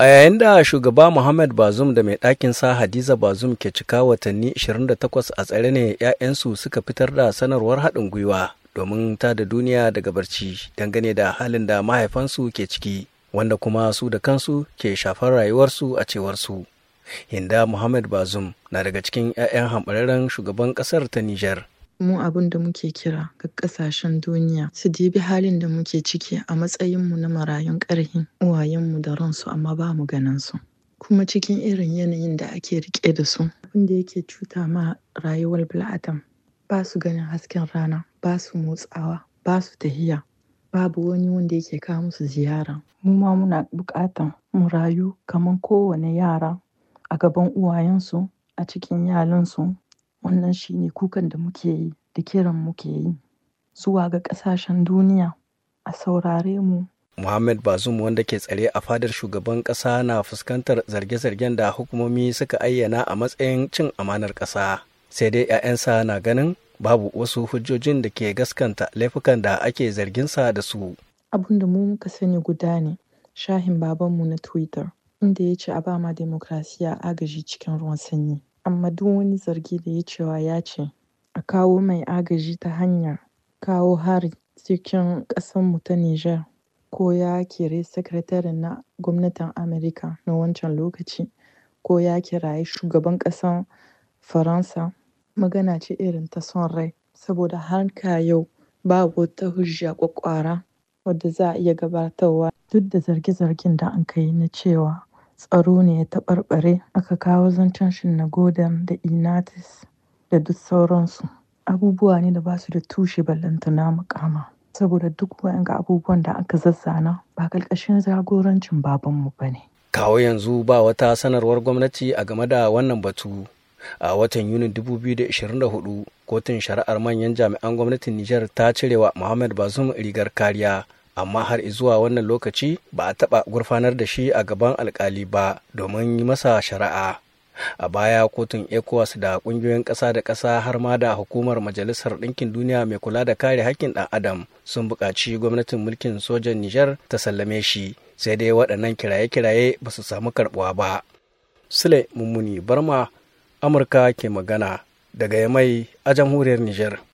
A yayin da shugaba Muhammad Bazum da mai ɗakin sa Hadiza Bazum ke cika watanni 28 a tsare ne 'ya'yansu suka fitar da sanarwar haɗin gwiwa domin ta da duniya daga barci dangane da halin da mahaifansu ke ciki wanda kuma su da kansu ke shafar rayuwarsu a cewarsu. Hinda Muhammad Bazum na daga cikin 'ya'yan hamɓararren shugaban ƙasar ta Nijar. mu abin da muke kira ga kasashen duniya su dibi halin da muke ciki a matsayinmu na marayun ƙarhin uwayenmu da ransu amma ba mu ganin su kuma cikin irin yanayin da ake rike da su abin da yake cuta ma rayuwar bil'adam ba su ganin hasken rana ba su motsawa ba su tahiya babu wani wanda yake kawo musu ziyara mu ma muna buƙatan mu rayu kamar kowane yara a gaban uwayensu a cikin yalansu Wannan shi ne kukan da muke yi da kiran muke yi zuwa ga ƙasashen duniya a saurare mu. Muhammad Bazum wanda ke tsare a fadar shugaban ƙasa na fuskantar zarge-zargen da hukumomi suka ayyana a matsayin cin amanar ƙasa. Sai dai 'ya'yansa na ganin babu wasu hujjojin da ke gaskanta laifukan da ake zarginsa da su. abun da mu muka sani guda ne, shahin babanmu na Twitter, inda ya ce a ba ma demokrasiya agaji cikin ruwan sanyi. amma duk wani zargi da ya cewa ya ce a kawo mai agaji ta hanyar kawo hari cikin ƙasar mu ta Nijar ko ya kire sakataren na gwamnatin Amerika na wancan lokaci ko ya kiraye shugaban ƙasar Faransa magana ce irin ta son rai saboda har ka yau babu wata hujja ƙwaƙƙwara wadda za a iya gabatarwa duk da zarge-zargen da an kai na cewa tsaro ne ya taɓarɓare aka kawo zancen Shinnagoda da inatis da duk sauransu. Abubuwa ne da ba su da tushe ballantana mukama Saboda duk wayanga abubuwan da aka zazzana ba ƙarƙashin jagorancin babanmu ba ne. Kawo yanzu ba wata sanarwar gwamnati a game da wannan batu. a watan yunin 2024 kotun shari'ar manyan jami'an gwamnatin nijar ta cirewa muhammad bazum rigar kariya amma har zuwa wannan lokaci ba a taɓa gurfanar da shi a gaban alkali ba domin yi masa shari'a a baya kotun ecowas da kungiyoyin ƙasa da ƙasa har ma da hukumar majalisar ɗinkin duniya mai kula da kare haƙƙin ɗan adam sun buƙaci gwamnatin mulkin sojan Nijar ta sallame shi sai dai waɗannan kiraye-kiraye ba su samu karɓuwa ba sule mummuni barma amurka ke magana daga yamai a jamhuriyar nijar.